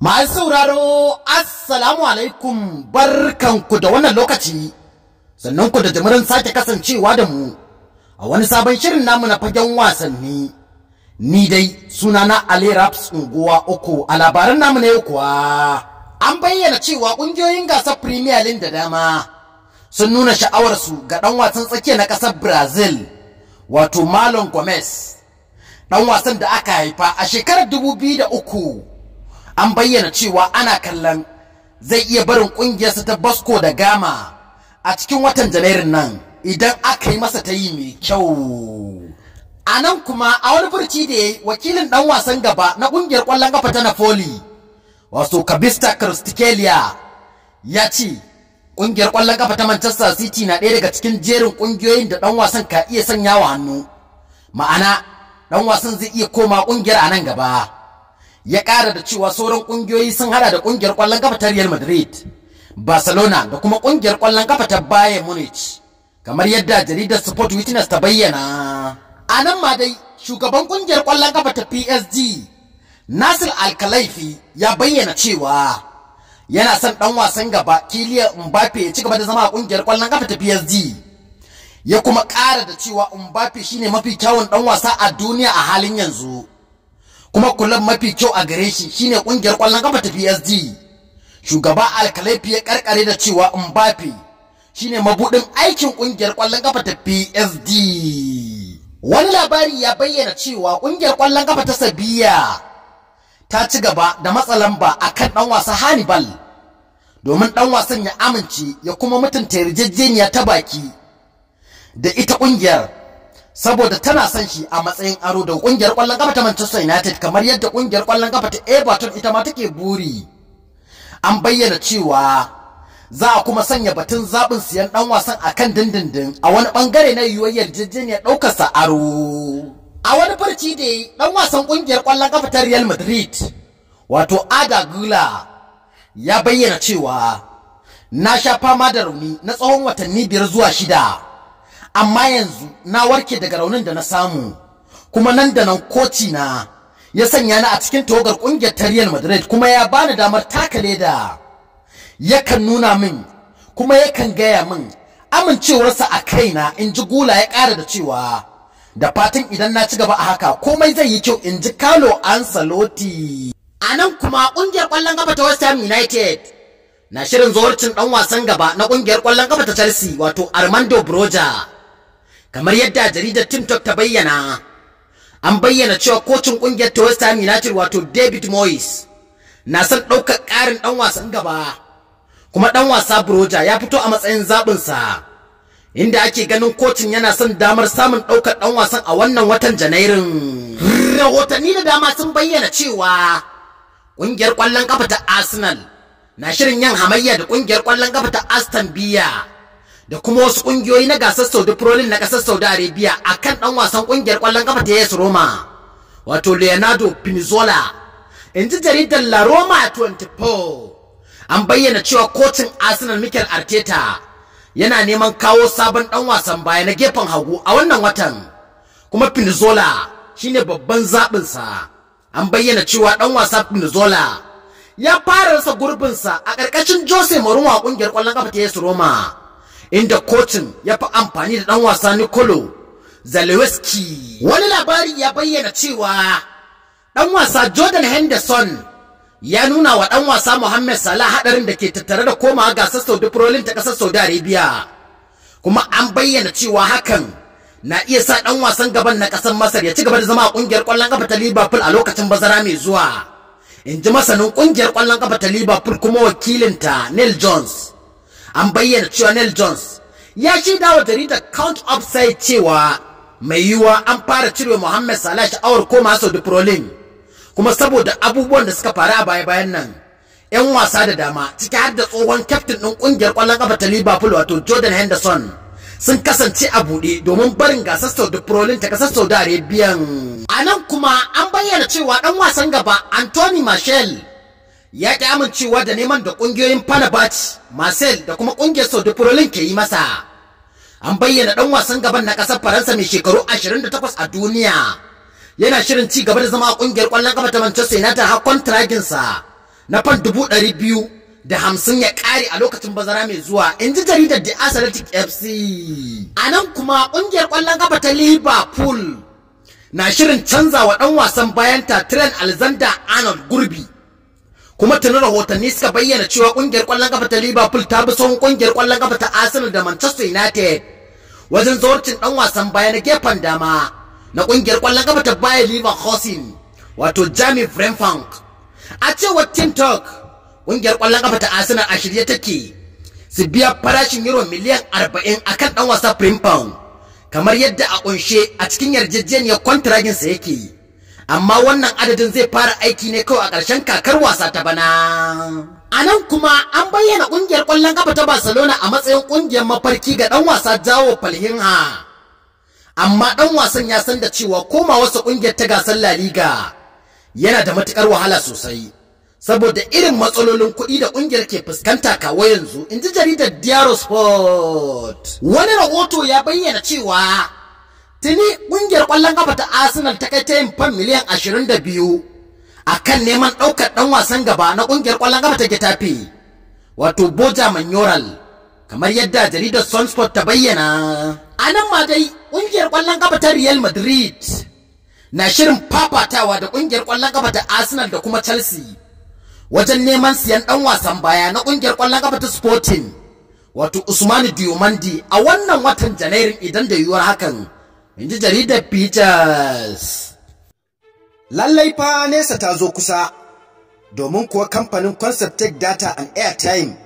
Masu sauraro, Assalamu alaikum barkanku da wannan lokaci, sannan ku da jimirin sake kasancewa da mu a wani sabon shirin namu na fagen wasanni. Ni dai na Ali Raps unguwa uku a labaran namu na yau kuwa. An bayyana cewa ƙungiyoyin gasar Premier League da dama sun nuna sha'awarsu ga ɗan wasan tsakiya na ƙasar Brazil, wato Malon Gomez, ɗan wasan da aka haifa a shekarar 2003. an bayyana cewa ana kallon zai iya barin ƙungiyarsa ta Bosco da Gama a cikin watan Janairun nan idan aka yi masa ta yi mai kyau. A nan kuma a wani furci da ya wakilin ɗan wasan gaba na ƙungiyar ƙwallon ƙafa ta Napoli, wato Kabista Kristikeliya, ya ce ƙungiyar ƙwallon ƙafa ta Manchester City na ɗaya daga cikin jerin ƙungiyoyin da ɗan wasan ka iya sanya wa hannu. Ma'ana ɗan wasan zai iya koma ƙungiyar a nan gaba. ya ƙara da cewa sauran ƙungiyoyi sun hada da ƙungiyar ƙwallon kafa ta Real Madrid, Barcelona da kuma ƙungiyar ƙwallon kafa ta Bayern Munich. Kamar yadda jaridar Sport Witness ta bayyana. A nan ma dai shugaban ƙungiyar ƙwallon kafa ta PSG Nasir Alkalaifi ya bayyana cewa yana son ɗan wasan gaba Kylian Mbappe ya ci gaba da zama a ƙungiyar ƙwallon kafa ta PSG. Ya kuma ƙara da cewa Mbappe shine mafi kyawun ɗan wasa a duniya a halin yanzu. kuma kulan mafi kyau a gare shi shine kungiyar kwallon kafa ta PSG shugaba Alkalefi ya karkare da cewa Mbappe shine mabudin aikin kungiyar kwallon kafa ta PSG wani labari ya bayyana cewa kungiyar kwallon kafa ta Sabiya ta ci gaba da matsalamba akan dan wasa Hannibal domin dan wasan ya amince ya kuma mutunta yarjejeniya ta baki da ita kungiyar saboda tana son shi a matsayin aro da kungiyar kwallon kafa ta Manchester United kamar yadda kungiyar kwallon kafa ta Everton ita ma take buri an bayyana cewa za a kuma sanya batun zaɓin siyan ɗan wasan a kan dindindin a wani bangare na yiwuwar yarjejeniyar ɗaukar sa aro a wani farci da ɗan wasan ƙungiyar ƙwallon kafa ta Real Madrid wato Ada Gula ya bayyana cewa na sha fama da rauni na tsawon watanni biyar zuwa shida amma yanzu na warke daga raunin da na samu kuma nan da nan koci na ya sanya ni a cikin togar kungiyar ta Real Madrid kuma ya bani damar taka leda yakan nuna min kuma yakan gaya min amincewarsa a kaina in ji gula ya ƙara da cewa da fatan idan na ci gaba a haka komai zai yi kyau in ji kalo Ansaloti. a nan kuma kungiyar ƙwallon gaba ta West Ham United na shirin zuwarcin dan wasan gaba na kungiyar kwallon gaba ta Chelsea wato Armando Broja kamar yadda jaridar TikTok ta bayyana an bayyana cewa kocin kungiyar ta West Ham United wato David Moyes na son ɗaukar ƙarin ɗan wasan gaba kuma ɗan wasa Broja ya fito a matsayin zaɓinsa inda ake ganin kocin yana son damar samun ɗaukar ɗan wasan a wannan watan Janairun. Rahotanni da dama sun bayyana cewa ƙungiyar ƙwallon ƙafa ta Arsenal na shirin yin hamayya da ƙungiyar kwallon ƙafa ta Aston Villa. da kuma wasu kungiyoyi na gasar Saudi Pro League na kasar Saudi Arabia akan dan wasan kungiyar kwallon kafa ta AS Roma wato Leonardo pinizola in ji jaridar La Roma 24 an bayyana cewa kotun Arsenal Mikel Arteta yana neman kawo sabon dan wasan baya na gefen hagu a wannan watan kuma Pinizzola shine babban zabin sa an bayyana cewa dan wasan Pinizzola ya fara rasa gurbinsa a ƙarƙashin Jose Mourinho a ƙungiyar ƙwallon ƙafa ta AS Roma inda kocin ya fi amfani da ɗan wasa Nikolo Zalewski. Wani labari ya bayyana cewa ɗan wasa Jordan Henderson ya nuna wa ɗan wasa Mohammed Salah haɗarin da ke tattare da komawa gasar Saudi Pro ta kasar Saudi Arabia. Kuma an bayyana cewa hakan na iya sa ɗan wasan gaban na ƙasar Masar ya ci gaba da zama a ƙungiyar ƙwallon ƙafa ta Liverpool a lokacin bazara mai zuwa. In ji masanin ƙungiyar kwallon ƙafa ta Liverpool kuma wakilinta Neil Jones. an bayyana cewa Neil Jones ya shaida wa jaridar Count Upside cewa mai yiwuwa an fara cire Mohammed Salah sha'awar koma sau da Prolin kuma saboda abubuwan da suka faru a baya-bayan nan yan wasa da dama ciki har da tsohon kyaftin ɗin ƙungiyar ƙwallon ƙafa ta Liverpool wato Jordan Henderson sun kasance a buɗe domin barin gasar da Prolin ta kasar Saudi Arabian. A nan kuma an bayyana cewa ɗan wasan gaba Anthony Marshall ya ki amincewa da neman da ƙungiyoyin Panabat, Marcel da kuma ƙungiyar Sodoprolin ke yi masa. An bayyana ɗan wasan gaban na ƙasar Faransa mai shekaru 28 a duniya. Yana shirin ci gaba da zama a ƙungiyar ƙwallon ƙafa ta Manchester United har sa na fan dubu ɗari biyu da hamsin ya ƙare a lokacin bazara mai zuwa in ji jaridar The Athletic FC. A nan kuma ƙungiyar ƙwallon ƙafa ta Liverpool na shirin canza wa ɗan wasan ta Trent Alexander Arnold Gurbi. kuma tuni rahotanni suka bayyana cewa kungiyar kwallon kafa ta Liverpool ta bi son kungiyar kwallon kafa ta Arsenal da Manchester United wajen zawarcin dan wasan baya na gefen dama na kungiyar kwallon kafa ta Bayer Leverkusen wato Jamie Brentford a cewar Team Talk kungiyar kwallon kafa ta Arsenal a shirye take su biya farashin euro miliyan 40 akan dan wasan Brentford kamar yadda a kunshe a cikin yarjejeniyar kwantiragin sa yake amma wannan adadin zai fara aiki ne kawai a ƙarshen kakar wasa ta bana. A nan kuma an bayyana ƙungiyar ƙwallon ƙafa ta Barcelona a matsayin ƙungiyar mafarki ga ɗan wasa Jawo Falhinha. Amma ɗan wasan ya san da cewa koma wasu ƙungiyar ta gasar La Liga yana da matuƙar wahala sosai. Saboda irin matsalolin kuɗi da ƙungiyar ke fuskanta kawo yanzu, in ji jaridar Diaro Sport. Wani rahoto ya bayyana cewa tuni ƙungiyar kwallon kafa ta arsenal ta kai ta yin fan miliyan ashirin da biyu a kan neman ɗaukar ɗan wasan gaba na ƙungiyar kwallon kafa ta getafe wato boja manyoral kamar yadda jaridar sunsport ta bayyana a nan ma dai ƙungiyar kwallon kafa ta real madrid na shirin fafatawa da ƙungiyar ƙwallon ƙafa ta arsenal da kuma chelsea wajen neman siyan ɗan wasan baya na ƙungiyar kwallon kafa ta sporting wato Usmanu diomandi a wannan watan janairun idan da yiwuwar hakan inji jaridar Peters. Lallai fa nesa ta zo kusa, domin kuwa kamfanin Conceptec Data and Airtime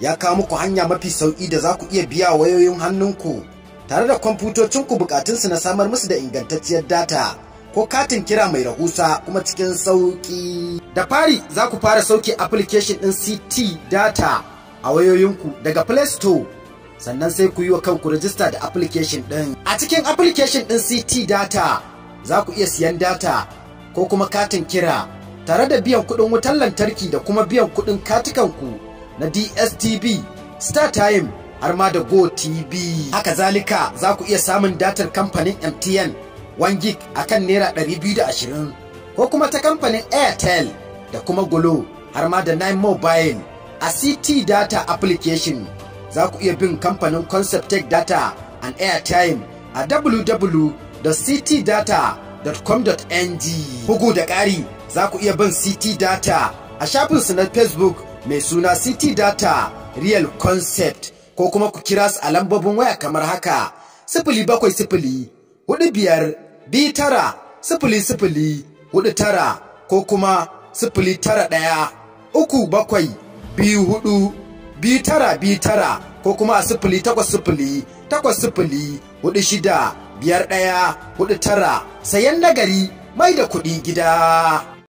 ya kawo muku hanya mafi sauƙi da za ku iya biya wayoyin hannunku tare da kwamfutocinku bukatunsu na samar musu da ingantacciyar data. ko katin kira mai rahusa kuma cikin sauƙi, Da fari za ku fara sauƙi application ɗin CT data a wayoyinku daga Play Store sannan sai ku yi wa kanku rajista da application ɗin. A cikin application ɗin CT data za ku iya siyan data ko kuma katin kira tare da biyan kuɗin wutar lantarki da kuma biyan kuɗin katikanku na DSTV, StarTime har ma da Go TV. Haka zalika za ku iya samun datar kamfanin MTN 1 gig a kan Naira 220 ko kuma ta kamfanin Airtel da kuma Glo har ma da Nine Mobile a CT data application. za ku iya bin kamfanin Concept Tech Data and Airtime a www.ctdata.com.ng. Bugu da ƙari za ku iya bin CT Data a shafinsu na Facebook mai suna CT Data Real Concept ko kuma ku kira su a lambobin waya kamar haka sifili bakwai sifili hudu biyar bi sifili sifili hudu tara ko kuma sifili tara ɗaya uku bakwai biyu hudu bi tara bi tara ko kuma a sifili takwas sifili takwas sifili hudu shida biyar ɗaya hudu tara sayan nagari mai da kuɗi gida.